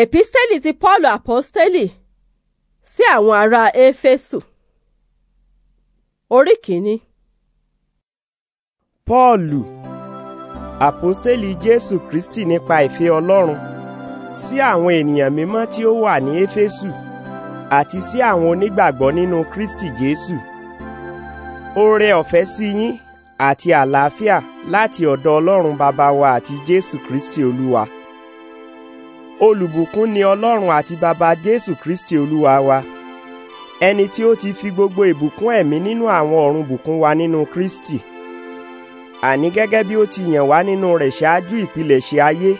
Èpísítẹ́lì ti Pọ́ọ̀lù àpọ́stẹ́lì sí àwọn ará Éfésù. Orí kìíní. Pọ́ọ̀lù àpọ́stẹ́lì Jésù Kristì nípa ìfẹ́ Ọlọ́run sí àwọn ènìyàn mímọ́ tí ó wà ní Éfésù àti sí àwọn onígbàgbọ́ nínú Kristì Jésù. Oore ọ̀fẹ́ sí yín àti àlàáfíà láti ọ̀dọ̀ Ọlọ́run Baba wa àti Jésù Kristì Olúwa olùbùkún ni ọlọ́run àti bàbá jésù kristi olúwa wa ẹni tí ó ti fi gbogbo ìbùkún ẹ̀mí nínú àwọn ọ̀run bùkún wa nínú kristi àní gẹ́gẹ́ bí ó ti yàn wá nínú rẹ̀ ṣáájú ìpilẹ̀ṣẹ̀ ayé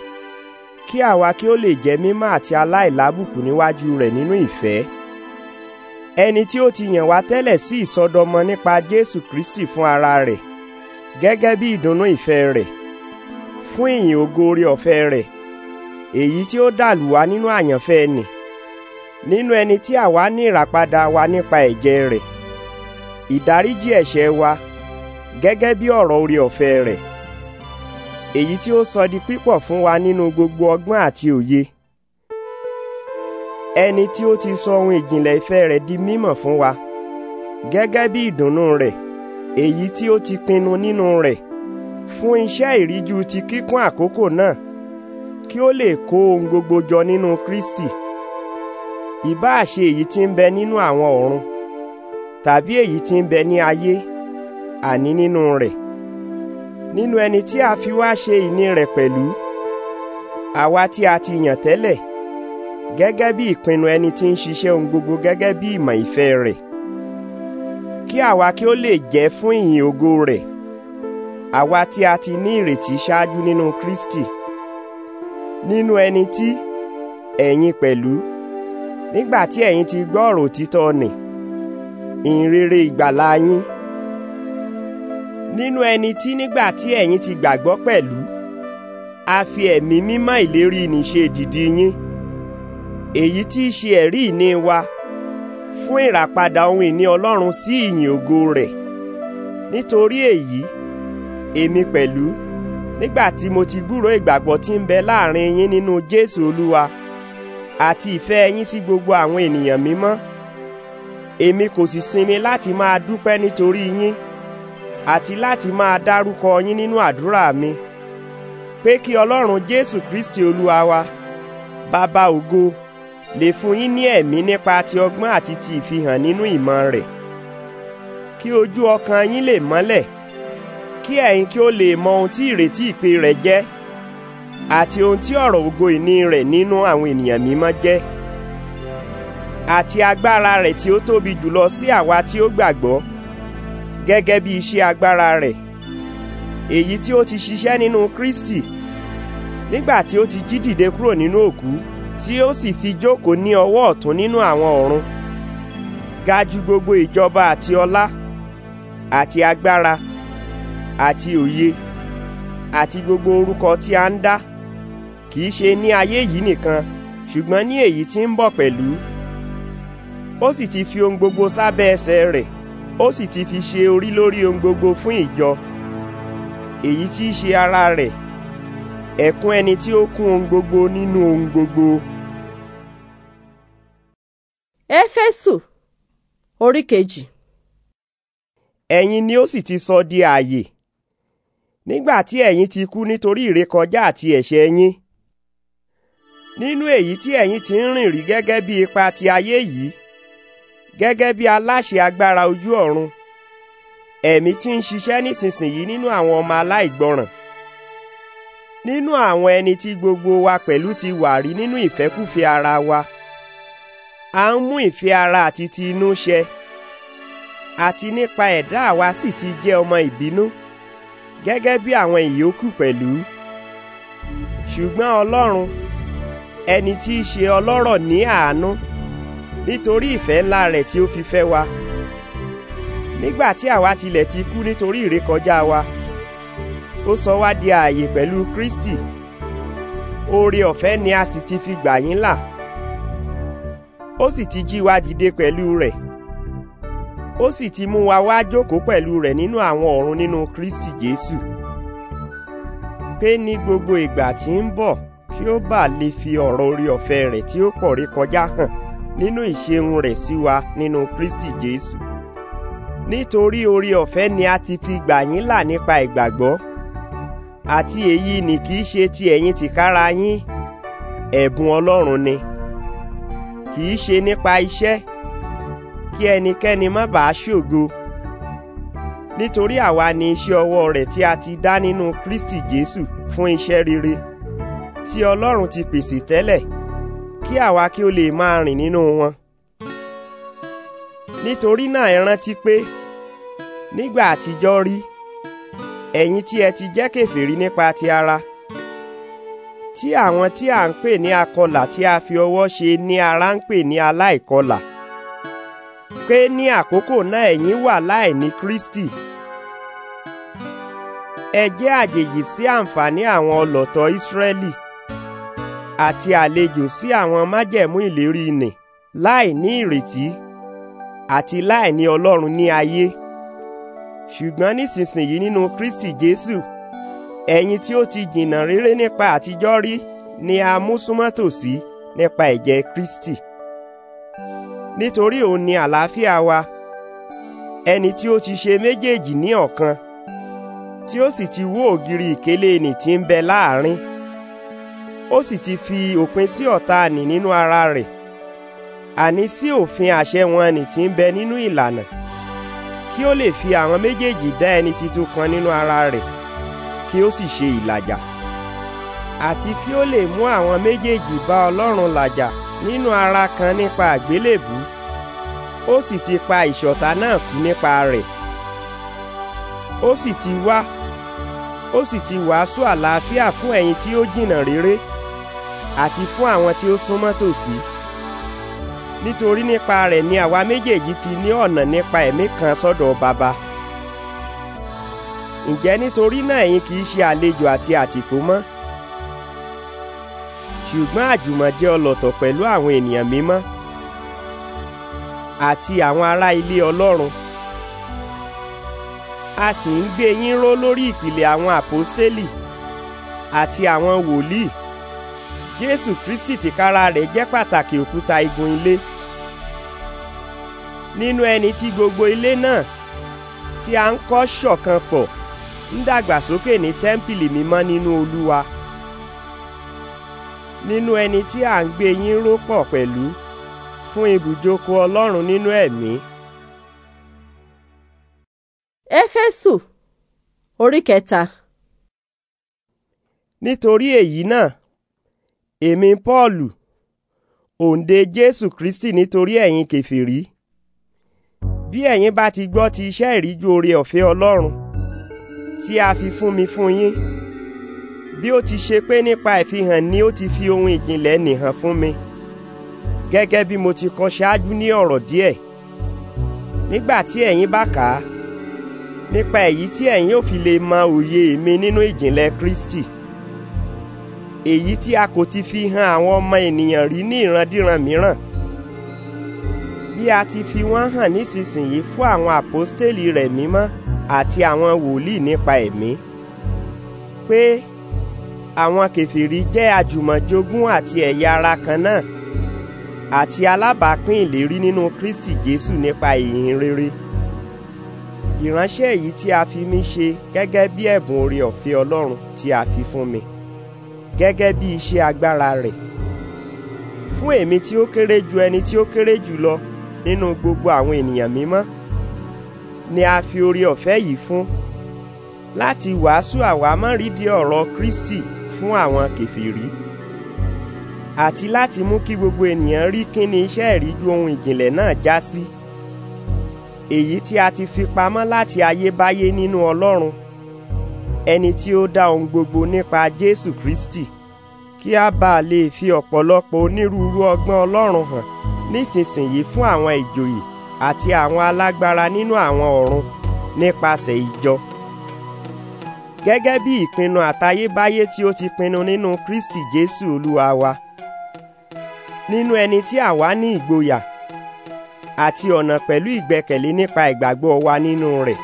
kí àwa kí ó lè jẹ́ mímọ́ àti aláìlábùkù níwájú rẹ̀ nínú ìfẹ́ ẹni tí ó ti yàn wá tẹ́lẹ̀ sí ìsọdọmọ nípa jésù kristi fún ara rẹ̀ gẹ́gẹ́ bí ìdùnnú ìfẹ́ rẹ̀ fún ìyìn ògo oore ọ̀fẹ́ rẹ̀ èyí tí ó dàlù wá nínú àyànfẹ́ ni nínú ẹni tí àwa ní ìràpadà wa nípa ẹ̀jẹ̀ rẹ̀ ìdáríjì ẹ̀ṣẹ̀ wa gẹ́gẹ́ bí ọ̀rọ̀ orí ọ̀fẹ́ rẹ̀ èyí tí ó sọ di pípọ̀ fún wa nínú gbogbo ọgbọ́n àti òye ẹni tí ó ti sọ ohun ìjìnlẹ̀ ìfẹ́ rẹ̀ di mímọ̀ fún wa gẹ́gẹ́ bí ìdùnnú rẹ̀ èyí tí ó ti pinnu nínú rẹ̀ fún iṣẹ́ ìríjú ti kíkún àkókò náà kí ó lè kó ohun gbogbo jọ nínú Kristi ìbáà ṣe èyí tí ń bẹ nínú àwọn ọ̀run tàbí èyí tí ń bẹ ní ayé àní nínú rẹ̀ nínú ẹni tí a fi wá ṣe ìní rẹ̀ pẹ̀lú àwa tí a ti yàn tẹ́lẹ̀ gẹ́gẹ́ bí ìpinnu ẹni tí ń ṣiṣẹ́ ohun gbogbo gẹ́gẹ́ bí ìmọ̀ ìfẹ́ rẹ̀ kí àwa kí ó lè jẹ́ fún ìyìn ògo rẹ̀ àwa tí a ti ní ìrètí ṣáájú nínú Kristi. No nínú ẹni tí ẹ̀yin pẹ̀lú nígbà tí ẹ̀yin ti gbọ́ ọ̀rọ̀ òtítọ́ nì ìrere ìgbàlà yín nínú ẹni tí nígbà tí ẹ̀yin ti gbàgbọ́ pẹ̀lú a fi ẹ̀mí mímọ́ ìlérí nì ṣe yín èyí tí í ṣe ẹ̀rí ìní wa fún ìràpadà ohun ìní Ọlọ́run sí ìyìn ògo rẹ̀ nítorí èyí èmi pẹ̀lú nígbà tí mo ti gbúrò ìgbàgbọ́ tí ń bẹ láàrin yín nínú Jésù Olúwa àti ìfẹ́ yín sí gbogbo àwọn ènìyàn mímọ́ èmi kò sì sinmi láti máa dúpẹ́ nítorí yín àti láti máa dárúkọ yín nínú àdúrà mi pé kí Ọlọ́run Jésù Kristi Olúwa wa bàbá ògo lè fún yín ní ẹ̀mí nípa ti ọgbọ́n àti ti ìfihàn nínú ìmọ̀ rẹ̀ kí ojú ọkàn yín lè mọ́lẹ̀ kí ẹ̀yin kí ó lè mọ ohun tí ìrètí ìpè rẹ̀ jẹ́ àti ohun tí ọ̀rọ̀ ògo ìní rẹ̀ nínú àwọn ènìyàn mímọ́ jẹ́ àti agbára rẹ̀ tí ó tóbi jùlọ sí àwa tí ó gbàgbọ́ gẹ́gẹ́ bí iṣẹ́ agbára rẹ̀ èyí tí ó ti ṣiṣẹ́ nínú Kristi nígbà tí ó ti jí dìde kúrò nínú òkú tí ó sì fi jókòó ní ọwọ́ ọ̀tún nínú àwọn ọ̀run ga gbogbo ìjọba àti ọlá àti agbára àti òye àti gbogbo orúkọ tí a ń dá kì ṣe ní ayé yìí nìkan ṣùgbọ́n ní èyí tí ń bọ̀ pẹ̀lú ó sì ti fi ohun gbogbo sábẹ́ ẹsẹ̀ rẹ̀ ó sì ti fi ṣe orí lórí ohun gbogbo fún ìjọ èyí tí í ṣe ara rẹ̀ ẹ̀kún ẹni tí ó kún ohun gbogbo nínú ohun gbogbo. éfésù orí kejì. ẹ̀yin ni ó sì ti sọ di ààyè nígbà tí ẹ̀yin ti kú nítorí ìrékọjá àti ẹ̀ṣẹ̀ yín nínú èyí tí ẹ̀yin ti ń rìn rí gẹ́gẹ́ bí ipa ti ayé yìí gẹ́gẹ́ bí aláṣẹ agbára ojú ọ̀run ẹ̀mí tí ń ṣiṣẹ́ nísinsìnyí nínú àwọn ọmọ aláìgbọràn nínú àwọn ẹni tí gbogbo wa pẹ̀lú ti wà rí nínú ìfẹ́kúfẹ̀ẹ́ ara wa a ń mú ìfẹ́ ara àti ti inú ṣẹ àti nípa ẹ̀dá àwa sì ti jẹ́ ọmọ ìbínú. E gẹ́gẹ́ bí àwọn ìyókù pẹ̀lú ṣùgbọ́n Ọlọ́run ẹni tí í ṣe ọlọ́rọ̀ ní àánú nítorí ìfẹ́ ńlá rẹ̀ tí ó fi fẹ́ wa nígbà tí àwa tilẹ̀ ti kú nítorí ìrékọjá wa ó sọ wá di ààyè pẹ̀lú Kristi oore ọ̀fẹ́ ni a sì ti fi gbà yín là ó sì ti jí wa dìde pẹ̀lú rẹ̀ ó sì ti mú wa wá jókòó pẹ̀lú rẹ̀ nínú àwọn ọ̀run nínú Kristi Jésù pé ní gbogbo ìgbà tí ń bọ̀ kí ó bàa lè fi ọ̀rọ̀ orí ọ̀fẹ́ rẹ̀ tí ó pọ̀ rí kọjá hàn nínú ìṣeun rẹ̀ sí wa nínú Kristi Jésù nítorí orí ọ̀fẹ́ ni a ti fi gbà yín là nípa ìgbàgbọ́ àti èyí ni kì í ṣe ti ẹ̀yin tìkára yín ẹ̀bùn Ọlọ́run ni kì í ṣe nípa iṣẹ́ kí ẹnikẹ́ni má bàa ṣògo nítorí àwa ni iṣẹ́ ọwọ́ rẹ̀ tí a ti dá nínú Kristi Jésù fún iṣẹ́ rere tí Ọlọ́run ti pèsè tẹ́lẹ̀ kí àwa kí ó lè máa rìn nínú wọn nítorí náà ẹ rántí pé nígbà àtijọ́ rí ẹ̀yin tí ẹ ti jẹ́ kèfèrí nípa ti ara tí àwọn tí à ń pè ní akọlà tí a fi ọwọ́ ṣe ní ara ń pè ní aláìkọlà pé ní àkókò náà ẹ̀yin wà láìní Kristi ẹ jẹ́ àjèjì sí àǹfààní àwọn ọlọ̀tọ̀ Ísírẹ́lì àti àlejò sí àwọn májẹ̀mú ìlérí nì láìní ìrètí àti láìní Ọlọ́run ní ayé ṣùgbọ́n nísinsìnyí nínú Kristi Jésù ẹ̀yin tí ó ti jìnnà réré nípa àtijọ́ rí ni a mú súnmọ́ tòsí nípa ẹ̀jẹ̀ Kristi nítorí òun ni àlàáfíà wa ẹni tí ó ti ṣe méjèèjì ní ọ̀kan tí ó sì ti wó ògiri ìkélé nì tí ń bẹ láàrin ó sì ti fi òpin sí ọ̀tá nì nínú ara rẹ̀ àní sí òfin àṣẹ wọn nì tí ń bẹ nínú ìlànà kí ó lè fi àwọn méjèèjì dá ẹni titun kan nínú ara rẹ̀ kí ó sì ṣe ìlàjà àti kí ó lè mú àwọn méjèèjì bá Ọlọ́run làjà nínú ara kan nípa àgbélébù ó sì ti pa ìṣọ̀tá náà kú nípa rẹ̀ ó sì ti wá ó sì ti wàásù àlàáfíà fún ẹ̀yin tí ó jìnnà réré àti fún àwọn tí ó súnmọ́ tòsí nítorí nípa rẹ̀ ni àwa méjèèjì ti ní ọ̀nà nípa ẹ̀mí kan sọ́dọ̀ baba ǹjẹ́ nítorí náà ẹ̀yin kì í ṣe àlejò àti àtìpó mọ́ ṣùgbọ́n àjùmọ̀jẹ́ ọlọ́tọ̀ pẹ̀lú àwọn ènìyàn mímọ́ àti àwọn ará ilé Ọlọ́run a sì ń gbé yín ró lórí ìpìlẹ̀ àwọn àpọ́stélì àti àwọn wòlíì Jésù Kristi tìkára rẹ̀ jẹ́ pàtàkì òkúta igun ilé nínú ẹni tí gbogbo ilé náà tí a ń kọ́ ṣọ̀kan pọ̀ ń dàgbàsókè ní tẹ́ḿpìlì mímọ́ nínú Olúwa nínú ẹni tí à ń gbé yín ró pọ̀ pẹ̀lú fún ibùjókòó Ọlọ́run nínú ẹ̀mí. Éfésù orí kẹta. nítorí èyí náà èmi Pọ́ọ̀lù òǹdè Jésù Kristi nítorí ẹ̀yin kèfèrí bí ẹ̀yin bá ti gbọ́ ti iṣẹ́ ìríjú oore ọ̀fẹ́ Ọlọ́run tí a fi fún mi fún yín bí ó ti ṣe pé nípa ìfihàn ni ó ti fi ohun ìjìnlẹ̀ nìhàn fún mi gẹ́gẹ́ bí mo ti kọ ṣáájú ní ọ̀rọ̀ díẹ̀ nígbà tí ẹ̀yin bá kà á nípa èyí tí ẹ̀yin ò fi lè mọ òye mi nínú ìjìnlẹ̀ Kristi èyí tí a kò ti fi hàn àwọn ọmọ ènìyàn rí ní ìrandíran mìíràn bí a ti fi wọ́n hàn nísinsìnyí fún àwọn àpọ́stélì rẹ̀ mímọ́ àti àwọn wòlíì nípa ẹ̀mí pé àwọn kèfèrí jẹ́ àjùmọ̀jogún àti ẹ̀yà ara kan náà àti alábàápín ìlérí nínú Kristi Jésù nípa ìyìn rere ìránṣẹ́ èyí tí a fi mí ṣe gẹ́gẹ́ bí ẹ̀bùn oore ọ̀fẹ́ Ọlọ́run tí a fi fún mi gẹ́gẹ́ bí iṣẹ́ agbára rẹ̀ fún èmi tí ó kéré ju ẹni tí ó kéré jù lọ nínú gbogbo àwọn ènìyàn mímọ́ ni a fi oore ọ̀fẹ́ yìí fún láti wàásù àwámọ́rídìí ọ̀rọ̀ Kristi fún àwọn kèfèrí àti láti mú kí gbogbo ènìyàn rí kíni iṣẹ́ ìríjú ohun ìjìnlẹ̀ náà já sí èyí tí a ti fi pamọ́ láti ayébáyé nínú Ọlọ́run ẹni tí ó dá ohun gbogbo nípa Jésù Kristi kí a bá lè fi ọ̀pọ̀lọpọ̀ onírúurú ọgbọ́n Ọlọ́run hàn nísinsìnyí fún àwọn ìjòyè àti àwọn alágbára nínú àwọn ọ̀run nípasẹ̀ ìjọ gẹ́gẹ́ bí ìpinnu àtayébáyé tí ó ti pinnu nínú Kristi Jésù Olúwa wa nínú ẹni tí àwa ní ìgboyà àti ọ̀nà pẹ̀lú ìgbẹ́kẹ̀lé nípa ìgbàgbọ́ wa nínú rẹ̀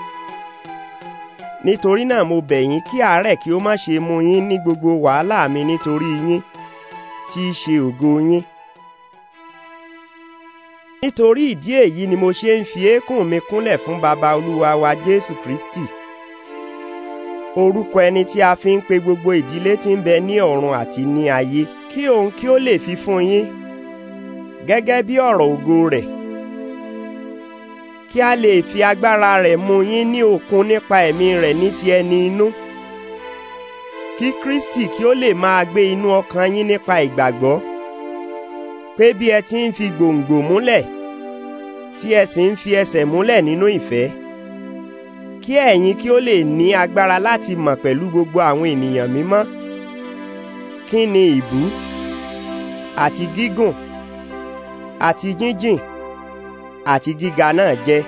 nítorí náà mo bẹ̀ yín kí àárẹ̀ kí ó má ṣe mú yín ní gbogbo wàhálà mi nítorí yín tí í ṣe ògo yín nítorí ìdí èyí ni mo ṣe ń fi eékún mi kúnlẹ̀ fún baba olúwa wa Jésù Kristi orúkọ ẹni tí a fi ń pe gbogbo ìdílé tí ń bẹ ní ọ̀run àti ní ayé kí òun kí ó lè fi fún yín gẹ́gẹ́ bí ọ̀rọ̀ ògo rẹ̀ kí a lè fi agbára rẹ̀ mú yín ní òkun nípa ẹ̀mí rẹ̀ ní ti ẹni inú kí Kristi kí ó lè máa gbé inú ọkàn yín nípa ìgbàgbọ́ pé bí ẹ ti ń fi gbòǹgbò múlẹ̀ tí ẹ sì ń fi ẹsẹ̀ múlẹ̀ nínú ìfẹ́ kí ẹ̀yin kí ó lè ní agbára láti mọ̀ pẹ̀lú gbogbo àwọn ènìyàn mímọ́ kí ni ìbú àti gígùn àti jíjìn àti gíga náà jẹ́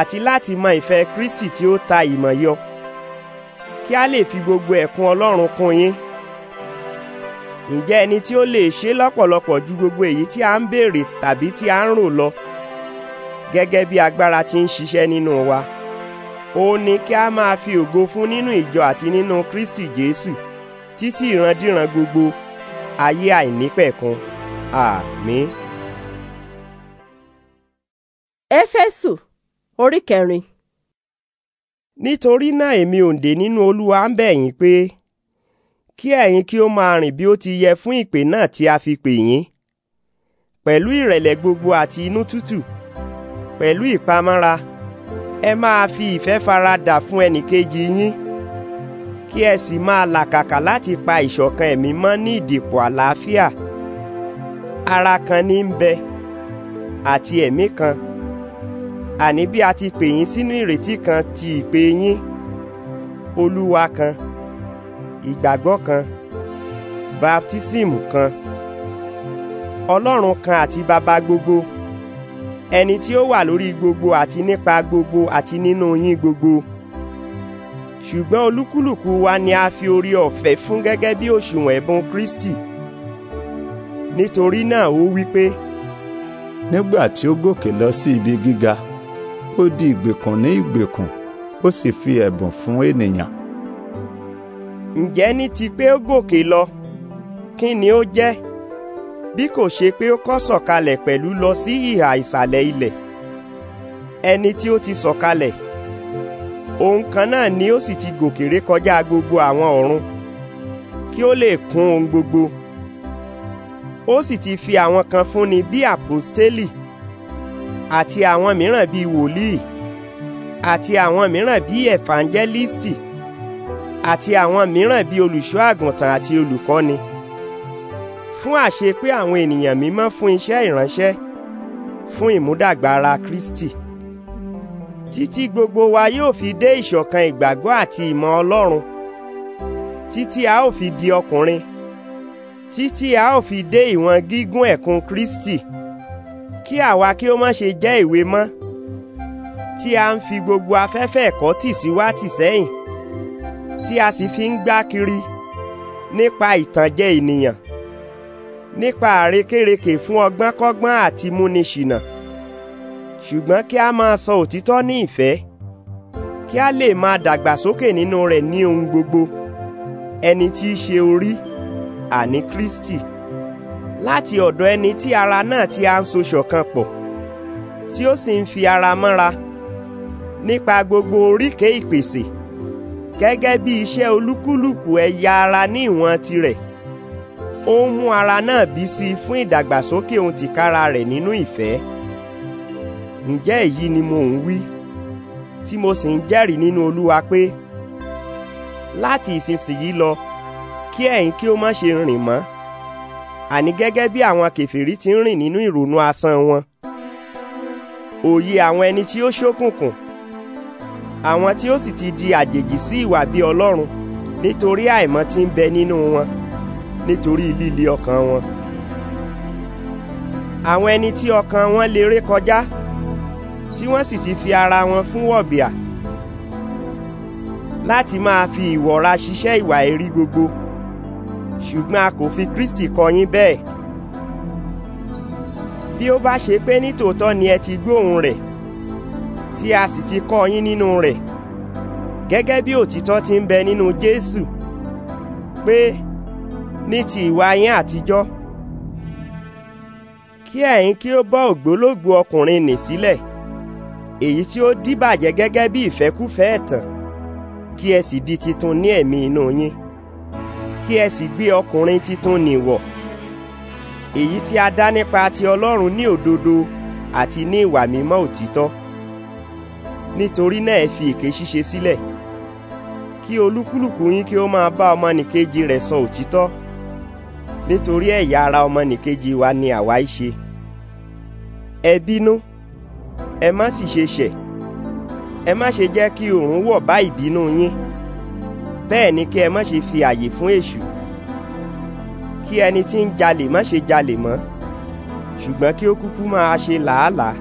àti láti mọ ìfẹ́ Kristi tí ó ta ìmọ̀ yọ kí a lè fi gbogbo ẹ̀kún Ọlọ́run kún yín ǹjẹ́ ẹni tí ó lè ṣe lọ́pọ̀lọpọ̀ ju gbogbo èyí tí a ń béèrè tàbí tí a ń rò lọ gẹ́gẹ́ bí agbára tí ń ṣiṣẹ́ nínú wa. No ó ní kí a máa fi ògo fún nínú ìjọ àti nínú Kristi Jésù títí ìrandíran gbogbo ayé àìnípẹ̀kun àmín. Éfésù orí kẹrin. nítorí náà èmi òǹdè nínú Olúwa ń bẹ̀ yín pé kí ẹ̀yin kí ó máa rìn bí ó ti yẹ fún ìpè náà tí a fi pè yín pẹ̀lú ìrẹ̀lẹ̀ gbogbo àti inú tútù pẹ̀lú ìpamọ́ra ẹ máa fi ìfẹ́ fara dà fún ẹnìkejì yín kí ẹ sì máa làkàkà láti pa ìṣọ̀kan ẹ̀mí mọ́ ní ìdìpọ̀ àlàáfíà ara kan ní ń bẹ àti ẹ̀mí kan àní bí a ti pè yín sínú ìrètí kan ti ìpè yín olúwa kan ìgbàgbọ́ kan baptisímù kan ọlọ́run kan àti bàbá gbogbo ẹni tí ó wà lórí gbogbo àti nípa gbogbo àti nínú yín gbogbo ṣùgbọ́n olúkúlùkù wa ni a fi orí ọ̀fẹ́ fún gẹ́gẹ́ bí òṣùwọ̀n ẹ̀bùn Kristi nítorí náà ó wí pé. nígbà tí ó gòkè lọ sí ibi gíga ó di ìgbèkùn ní ìgbèkùn ó sì fi ẹ̀bùn fún ènìyàn. ǹjẹ́ ní ti pé ó gòkè lọ kí ni ó jẹ́? bí kò ṣe pé ó kọ́ sọ̀kalẹ̀ pẹ̀lú lọ sí ìhà ìsàlẹ̀ ilẹ̀ ẹni tí ó ti sọ̀kalẹ̀ òun kan náà ni ó sì ti gòkè ré kọjá gbogbo àwọn ọ̀run kí ó lè kún ohun gbogbo ó sì ti fi àwọn kan fúnni bí àpòstélì àti àwọn mìíràn bíi wòlíì àti àwọn mìíràn bíi ẹ̀fàǹjẹ́lísítì àti àwọn mìíràn bíi olùṣọ́ àti olùkọ́ni fún àṣepé àwọn ènìyàn mímọ́ fún iṣẹ́ ìránṣẹ́ fún ìmúdàgbà Kristi títí gbogbo wa yóò fi dé ìṣọ̀kan ìgbàgbọ́ àti ìmọ̀ Ọlọ́run títí a ó fi di ọkùnrin títí a ó fi dé ìwọ̀n gígùn ẹ̀kún Kristi kí àwa kí ó má ṣe jẹ́ ìwé mọ́ tí a ń fi gbogbo afẹ́fẹ́ ẹ̀kọ́ tì sí wá tì sẹ́yìn tí a sì fi ń gbá kiri nípa ìtànjẹ ènìyàn nípa àrékérekè fún ọgbọ́nkọ́gbọ́n àti múniṣìnà ṣùgbọ́n kí a máa sọ òtítọ́ ní ìfẹ́ kí a lè máa dàgbàsókè nínú rẹ̀ ní ohun gbogbo ẹni tí í ṣe orí àní Kristi láti ọ̀dọ̀ ẹni tí ara náà tí a ń so ṣọ̀kan pọ̀ tí ó sì ń fi ara mọ́ra nípa gbogbo oríkèé ìpèsè gẹ́gẹ́ bí iṣẹ́ olúkúlùkù ẹ̀yà ara ní ìwọ̀n tirẹ̀ ó ń mú ara náà bí sí i fún ìdàgbàsókè òun tìkára rẹ̀ nínú ìfẹ́ ǹjẹ́ èyí ni mo ń wí tí mo sì ń jẹ́rìí nínú Olúwa pé láti ìsinsìnyí lọ kí ẹ̀yin kí ó má ṣe rìn mọ́ àní gẹ́gẹ́ bí àwọn kèfèrí ti ń rìn nínú ìrònú asán wọn òye àwọn ẹni tí ó ṣókùnkùn àwọn tí ó sì ti di àjèjì sí ìwà bí Ọlọ́run nítorí àìmọ̀ tí ń bẹ nínú wọn nítorí líle ọkàn wọn àwọn ẹni tí ọkàn wọn lè ré kọjá tí wọ́n sì ti fi ara wọn fún wọ̀bìà láti máa fi ìwọra ṣiṣẹ́ ìwà èrí gbogbo ṣùgbọ́n a kò fi Kristi kọ bẹ́ẹ̀ bí ó bá ṣe pé nítòótọ́ ni ẹ ti gbóhùn rẹ̀ tí a sì ti kọ́ nínú rẹ̀ gẹ́gẹ́ bí òtítọ́ ti ń bẹ nínú Jésù pé ní ti ìwà yín àtijọ́ kí ẹ̀yin kí ó bọ́ ògbólógbòó ọkùnrin nì sílẹ̀ èyí tí ó díbàjẹ́ gẹ́gẹ́ bí ìfẹ́kúfẹ́ ẹ̀tàn kí ẹ sì di titun ní ẹ̀mí inú yín kí ẹ sì gbé ọkùnrin titun nìwọ̀ èyí tí a dá nípa ti Ọlọ́run ní òdodo àti ní ìwà mímọ́ òtítọ́ nítorí náà ẹ fi èké ṣíṣe sílẹ̀ kí olúkúlùkù yín kí ó máa bá ọmọnìkejì rẹ̀ sọ òtítọ́. So nítorí ẹ̀yà ara ọmọnìkejì wa ni àwa í ṣe ẹ bínú ẹ má sì ṣe ṣẹ̀ ẹ má ṣe jẹ́ kí oòrùn wọ̀ bá ìbínú yín bẹ́ẹ̀ ni kí ẹ má ṣe fi àyè fún èṣù kí ẹni tí ń jalè má ṣe jalè mọ́ ṣùgbọ́n kí ó kúkú máa ṣe làálàá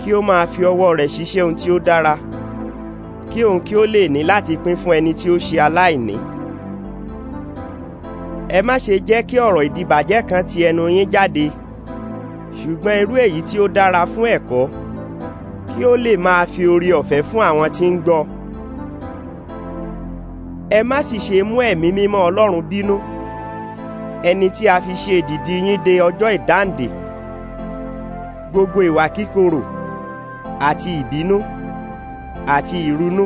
kí ó máa fi ọwọ́ rẹ̀ ṣiṣẹ́ ohun tí ó dára kí òun kí ó lè ní láti pín fún ẹni tí ó ṣe aláìní ẹ má ṣe jẹ́ kí ọ̀rọ̀ ìdìbàjẹ́ kan ti ẹnu yín jáde ṣùgbọ́n irú èyí tí ó dára fún ẹ̀kọ́ kí ó lè máa fi orí ọ̀fẹ́ fún àwọn tí ń gbọ́ ẹ má sì ṣe mú ẹ̀mí mímọ́ Ọlọ́run bínú ẹni tí a fi ṣe ìdìdì yín de ọjọ́ ìdáǹdè gbogbo ìwà kíkorò àti ìbínú àti ìrunú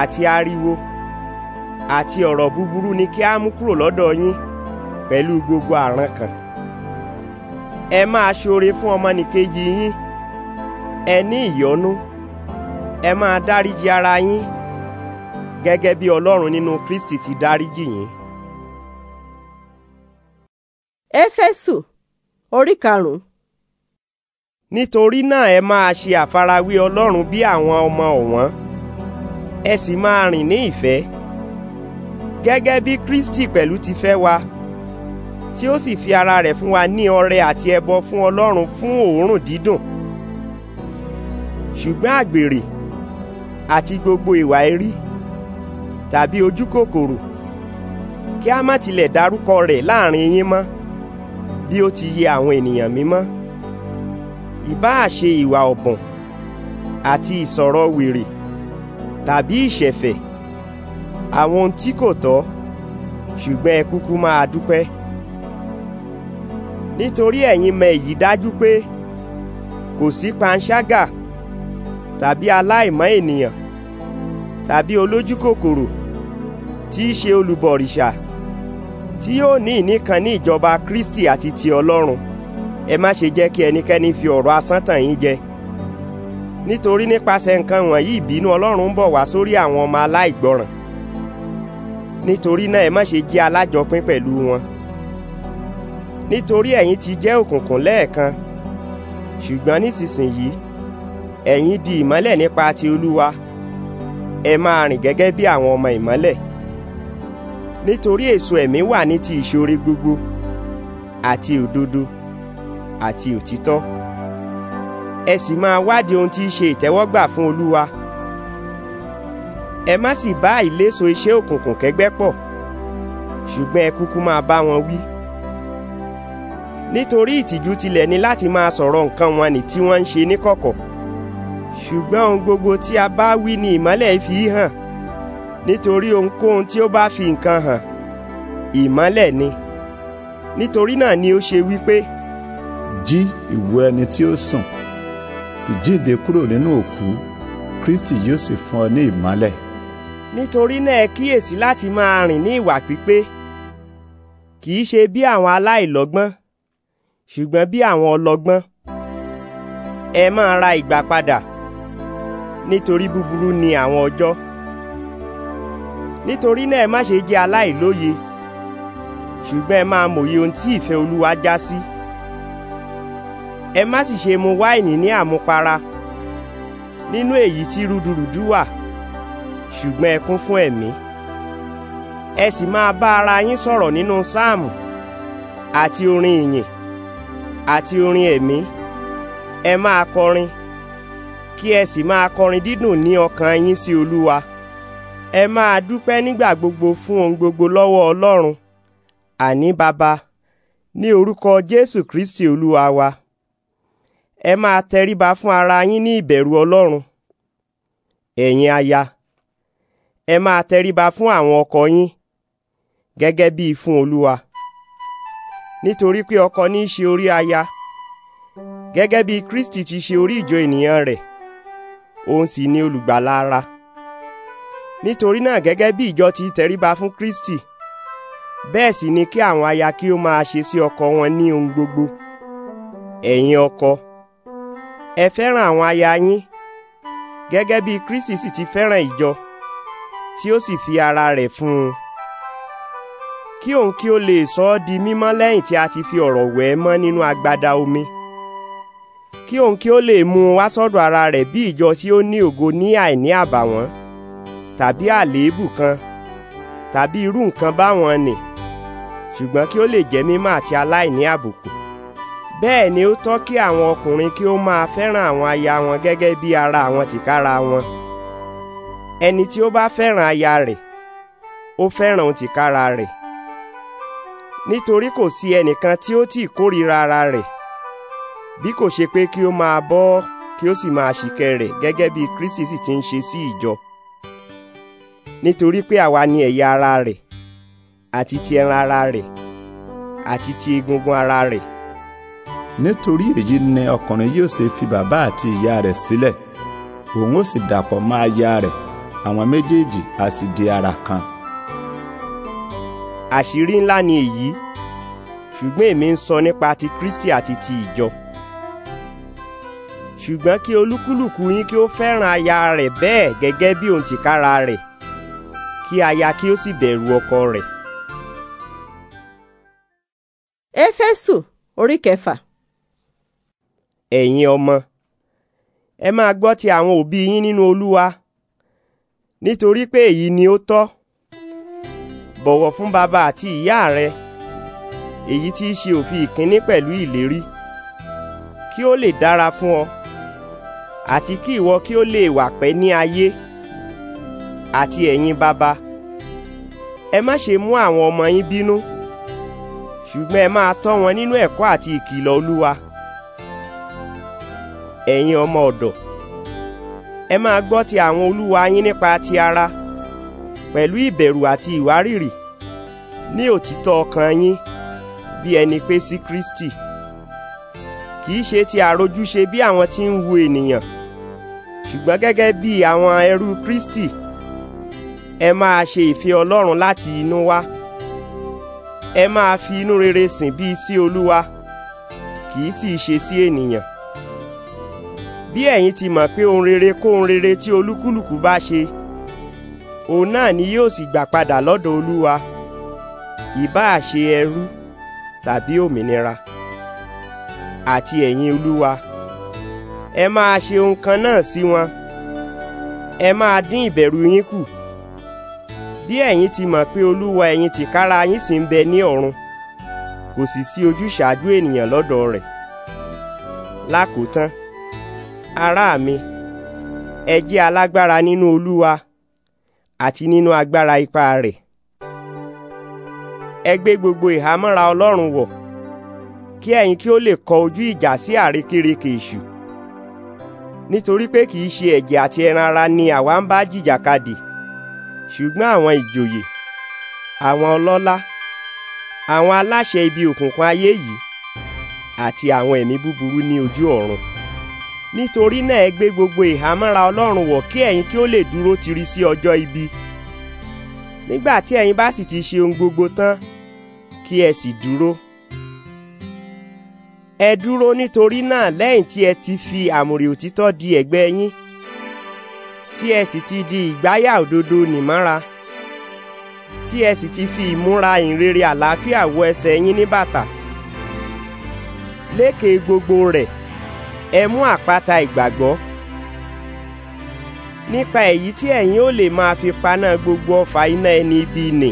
àti ariwo àti ọ̀rọ̀ búburú ni kí a mú kúrò lọ́dọ̀ yín pẹ̀lú gbogbo àrankàn ẹ máa ṣoore fún ọmọnìkejì yín ẹ ní ìyọ́nú ẹ máa dáríjì ara yín gẹ́gẹ́ bí Ọlọ́run nínú Kristi ti dáríjì yín. Éfésù orí karùnún. nítorí náà ẹ máa ṣe àfarawé Ọlọ́run bí àwọn ọmọ ọ̀wọ́n ẹ sì máa rìn ní ìfẹ́ gẹ́gẹ́ bí Kristi pẹ̀lú ti fẹ́ wa tí ó sì fi ara rẹ̀ fún wa ní ọrẹ àti ẹbọ fún Ọlọ́run fún òórùn dídùn ṣùgbọ́n àgbèrè àti gbogbo ìwà erí tàbí ojú kòkòrò kí a má tilẹ̀ dárúkọ rẹ̀ láàrin yín mọ́ bí ó ti yẹ àwọn ènìyàn mímọ́ ìbáà ṣe ìwà ọ̀bùn àti ìsọ̀rọ̀ wèrè tàbí ìṣẹ̀fẹ̀ àwọn ohun tí kò tọ́ ṣùgbọ́n ẹ kúkú máa dúpẹ́ nítorí ẹ̀yin mọ èyí dájú pé kò sí panṣágà tàbí aláìmọ́ ènìyàn tàbí olójú kòkòrò tí í ṣe olùbọ̀rìṣà tí yóò ní ìní ní ìjọba Kristi àti ti Ọlọ́run ẹ má ṣe jẹ́ kí ẹnikẹ́ni fi ọ̀rọ̀ asán tàn yín jẹ nítorí nípasẹ̀ nǹkan wọ̀nyí ìbínú Ọlọ́run ń bọ̀ wá sórí àwọn ọmọ aláìgbọràn nítorí náà ẹ má ṣe jẹ́ alájọpín pẹ̀lú wọn nítorí ẹ̀yin ti jẹ́ òkùnkùn lẹ́ẹ̀kan ṣùgbọ́n nísinsìnyí ẹ̀yin di ìmọ́lẹ̀ nípa ti olúwa ẹ máa rìn gẹ́gẹ́ bí àwọn ọmọ ìmọ́lẹ̀ nítorí èso ẹ̀mí wà ní ti ìṣoore gbogbo àti òdodo àti òtítọ́ ẹ sì máa wádìí ohun tí í ṣe ìtẹ́wọ́gbà fún olúwa ẹ má sì bá ìléso iṣẹ́ òkùnkùn kẹ́gbẹ́ pọ̀ ṣùgbọ́n ẹ kúkú máa bá wọn wí nítorí ìtìjú tilẹ̀ ni láti máa sọ̀rọ̀ nǹkan wọn nì tí wọ́n ń ṣe níkọ̀kọ̀ ṣùgbọ́n ohun gbogbo tí a bá wí ni ìmọ́lẹ̀ fi hàn nítorí ohunkóhun tí ó bá fi nǹkan hàn ìmọ́lẹ̀ ni nítorí náà ni ó ṣe wí pé. jí ìwọ ẹni tí ó sùn sì jíǹde kúrò nínú òkú Kristi yóò sì fún ọ ní ìmọ́lẹ̀ nítorí náà ẹ kíyèsí láti máa rìn ní ìwà pípé kì í ṣe bí àwọn aláìlọ́gbọ́n ṣùgbọ́n bí àwọn ọlọ́gbọ́n ẹ máa ra ìgbà padà nítorí búburú ni àwọn ọjọ́ nítorí náà ẹ má ṣe jẹ́ aláìlóye ṣùgbọ́n ẹ máa mòye ohun tí ìfẹ́ olúwa já sí ẹ má sì ṣe mu wáìnì ní àmupara nínú èyí tí rúdurùdu wà ṣùgbọ́n ẹ kún fún ẹ̀mí ẹ sì máa bá ara yín sọ̀rọ̀ nínú sáàmù àti orin ìyìn àti orin ẹ̀mí ẹ máa kọrin kí ẹ sì máa kọrin dídùn ní ọkàn yín sí olúwa ẹ máa dúpẹ́ nígbà gbogbo fún ohun gbogbo lọ́wọ́ ọlọ́run àní baba ní orúkọ jésù kristi olúwa wa ẹ máa tẹríba fún ara yín ní ìbẹ̀rù ọlọ́run ẹ̀yin aya ẹ máa tẹríba fún àwọn ọkọ yín gẹ́gẹ́ bíi fún olúwa nítorí pé ọkọ ní í ṣe orí aya gẹ́gẹ́ bíi kristi ti ṣe orí ìjọ ènìyàn rẹ̀ òun sì ni olùgbàlà ara nítorí náà gẹ́gẹ́ bí ìjọ ti tẹríba fún kristi bẹ́ẹ̀ sì ni kí àwọn aya kí ó máa ṣe sí ọkọ wọn ní ohun gbogbo ẹ̀yin ọkọ ẹ fẹ́ràn àwọn aya yín gẹ́gẹ́ bí kristi sì ti fẹ́ràn ìjọ tí ó sì fi ara rẹ̀ fún un kí òun kí ó lè sọ ọ́ di mímọ́ lẹ́yìn tí a ti fi ọ̀rọ̀ wẹ̀ ẹ́ mọ́ nínú agbada omi kí òun kí ó lè mú un wá sọ́dọ̀ ara rẹ̀ bí ìjọ tí ó ní ògo ní àìní àbàwọ́n tàbí àléébù kan tàbí irú nǹkan báwọn nì ṣùgbọ́n kí ó lè jẹ́ mímọ́ àti aláìní àbùkù bẹ́ẹ̀ ni ó tọ́ kí àwọn ọkùnrin kí ó máa fẹ́ràn àwọn aya wọn gẹ́gẹ́ bí ara àwọn tìkára wọn ẹni tí ó bá fẹ́ràn aya rẹ̀ ó fẹ́ràn tìkára rẹ̀ nítorí kò sí ẹnìkan tí ó tì kórìíra ara rẹ̀ bí kò ṣe pé kí ó máa bọ́ kí ó sì máa ṣìkẹ́ rẹ̀ gẹ́gẹ́ bí Kristi sì ti ń ṣe sí ìjọ nítorí pé àwa ni ẹ̀yà ara rẹ̀ àti ti ẹran ara rẹ̀ àti ti egungun ara rẹ̀. nítorí èyí ni ọkùnrin yóò ṣe fi bàbá àti ìyá rẹ̀ sílẹ̀ òun ó sì dàpọ̀ mọ́ aya rẹ̀ àwọn méjèèjì a sì di ara kan. àṣírí ńlá ni èyí ṣùgbọ́n èmi ń sọ nípa ti Kristi àti ti ìjọ ṣùgbọ́n kí olúkúlùkù yín kí ó fẹ́ràn aya rẹ̀ bẹ́ẹ̀ gẹ́gẹ́ bí òun tìkára rẹ̀ kí aya kí ó sì bẹ̀rù ọkọ rẹ̀. éfésù orí kẹfà. ẹ̀yin ọmọ ẹ máa gbọ́ ti àwọn òbí yín nínú olúwa. No nítorí pé èyí ni ó tọ́ bọ̀wọ̀ fún bàbá àti ìyá rẹ èyí tí í ṣe òfin ìkíní pẹ̀lú ìlérí kí ó lè dára fún ọ àti kí ìwọ kí ó lè wà pẹ́ ní ayé àti ẹ̀yin bàbá ẹ má ṣe mú àwọn ọmọ yín bínú ṣùgbọ́n ẹ máa tọ́ wọn nínú ẹ̀kọ́ àti ìkìlọ̀ olúwa ẹ̀yin ọmọ ọ̀dọ̀ ẹ máa gbọ́ ti àwọn olúwa yín nípa ti ara pẹ̀lú ìbẹ̀rù àti ìwárìrì ní òtítọ́ ọkàn yín bí ẹni pé sí Kristi kì ṣe ti àròjúṣe bí àwọn tí ń wu ènìyàn ṣùgbọ́n gẹ́gẹ́ bí àwọn ẹrú Kristi ẹ máa ṣe ìfẹ́ Ọlọ́run láti inú wá ẹ máa fi inú rere sìn bíi sí Olúwa kì sì ṣe sí ènìyàn bí ẹ̀yin ti mọ̀ pé ohun rere kó ohun rere tí olúkúlùkù bá ṣe òun náà ni yóò sì gbà padà lọ́dọ̀ olúwa ìbáà ṣe ẹrú tàbí òmìnira àti ẹ̀yin olúwa ẹ máa ṣe ohun kan náà sí wọn ẹ máa dín ìbẹ̀rù yín kù bí ẹ̀yin ti mọ̀ pé olúwa ẹ̀yin tìkára yín sì ń bẹ ní ọ̀run kò sì sí ojúṣàájú ènìyàn lọ́dọ̀ rẹ̀ lákòótán ará mi ẹ jẹ́ alágbára nínú olúwa àti nínú agbára ipá rẹ̀ ẹ gbé gbogbo ìhámọ́ra ọlọ́run wọ̀ kí ẹ̀yin kí ó lè kọ ojú ìjà sí àrékérekè èṣù nítorí pé kì í ṣe ẹ̀jẹ̀ àti ẹran ara ni àwa ń bá jìjàkadì ṣùgbọ́n àwọn ìjòyè àwọn ọlọ́lá àwọn aláṣẹ ibi òkùnkùn ayé yìí àti àwọn ẹ̀mí búburú ní ojú ọ̀run nítorí náà ẹ gbé gbogbo ìhámọ́ra ọlọ́run wọ̀ kí ẹ̀yin kí ó lè dúró tiri sí ọjọ́ ibi nígbà tí ẹ̀yin bá sì ti ṣe ohun gbogbo tán kí ẹ sì dúró ẹ dúró nítorí náà lẹ́yìn tí ẹ ti fi àmùrè òtítọ́ di ẹ̀gbẹ́ yín tí ẹ sì ti di ìgbáyà òdodo nìmọ́ra tí ẹ sì ti fi ìmúra ìrere àlàáfíà wọ ẹsẹ̀ yín ní bàtà lékè gbogbo rẹ̀ ẹ mú àpáta ìgbàgbọ́ nípa èyí tí ẹ̀yin ó lè máa fi paná gbogbo ọfà iná ẹni ibi nì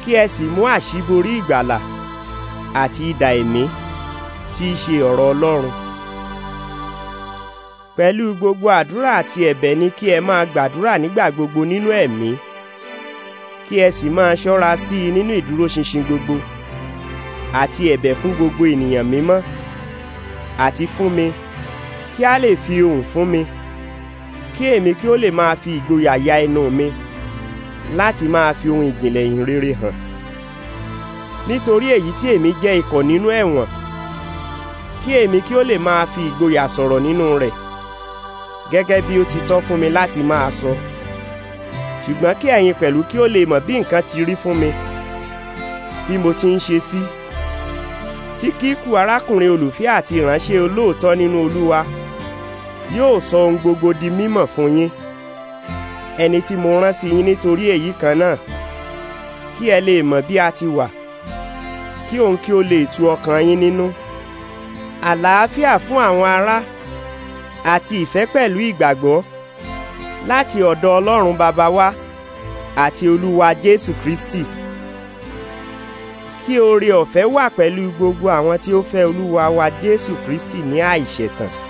kí ẹ sì mú àṣíborí ìgbàlà àti idà ẹ̀mí tí í ṣe ọ̀rọ̀ Ọlọ́run pẹ̀lú gbogbo àdúrà àti ẹ̀bẹ̀ ni kí ẹ máa gbàdúrà nígbà gbogbo nínú ẹ̀mí kí ẹ sì máa ṣọ́ra sí i nínú ìdúróṣinṣin gbogbo àti ẹ̀bẹ̀ fún gbogbo ènìyàn mímọ́ àti fún mi kí a lè fi ohùn fún mi kí èmi kí ó lè máa fi ìgboyà ya ẹnu mi láti máa fi ohun ìjìnlẹ̀ ìhìn rere hàn nítorí èyí tí èmi jẹ́ ikọ̀ nínú ẹ̀wọ̀n kí èmi kí ó lè máa fi ìgboyà sọ̀rọ̀ nínú rẹ̀ gẹ́gẹ́ bí ó ti tọ́ fún mi láti máa sọ ṣùgbọ́n kí ẹ̀yin pẹ̀lú kí ó lè mọ̀ bí nǹkan ti rí fún mi bí mo ti ń ṣe sí. Si Tíkíkù arákùnrin olùfẹ́ àti ìránṣẹ́ olóòótọ́ nínú Olúwa yóò sọ ohun gbogbo di mímọ̀ fún yín ẹni tí mo rán sí yín nítorí èyí kan náà kí ẹ lè mọ̀ bí a ti wà kí òun kí ó lè tu ọkàn yín nínú àlàáfíà fún àwọn ará àti ìfẹ́ pẹ̀lú ìgbàgbọ́ láti ọ̀dọ̀ Ọlọ́run Baba wa àti Olúwa Jésù Kristi kí oore ọ̀fẹ́ wà pẹ̀lú gbogbo àwọn tí ó fẹ́ olúwa wa Jésù Kristi ní àìṣẹ̀tàn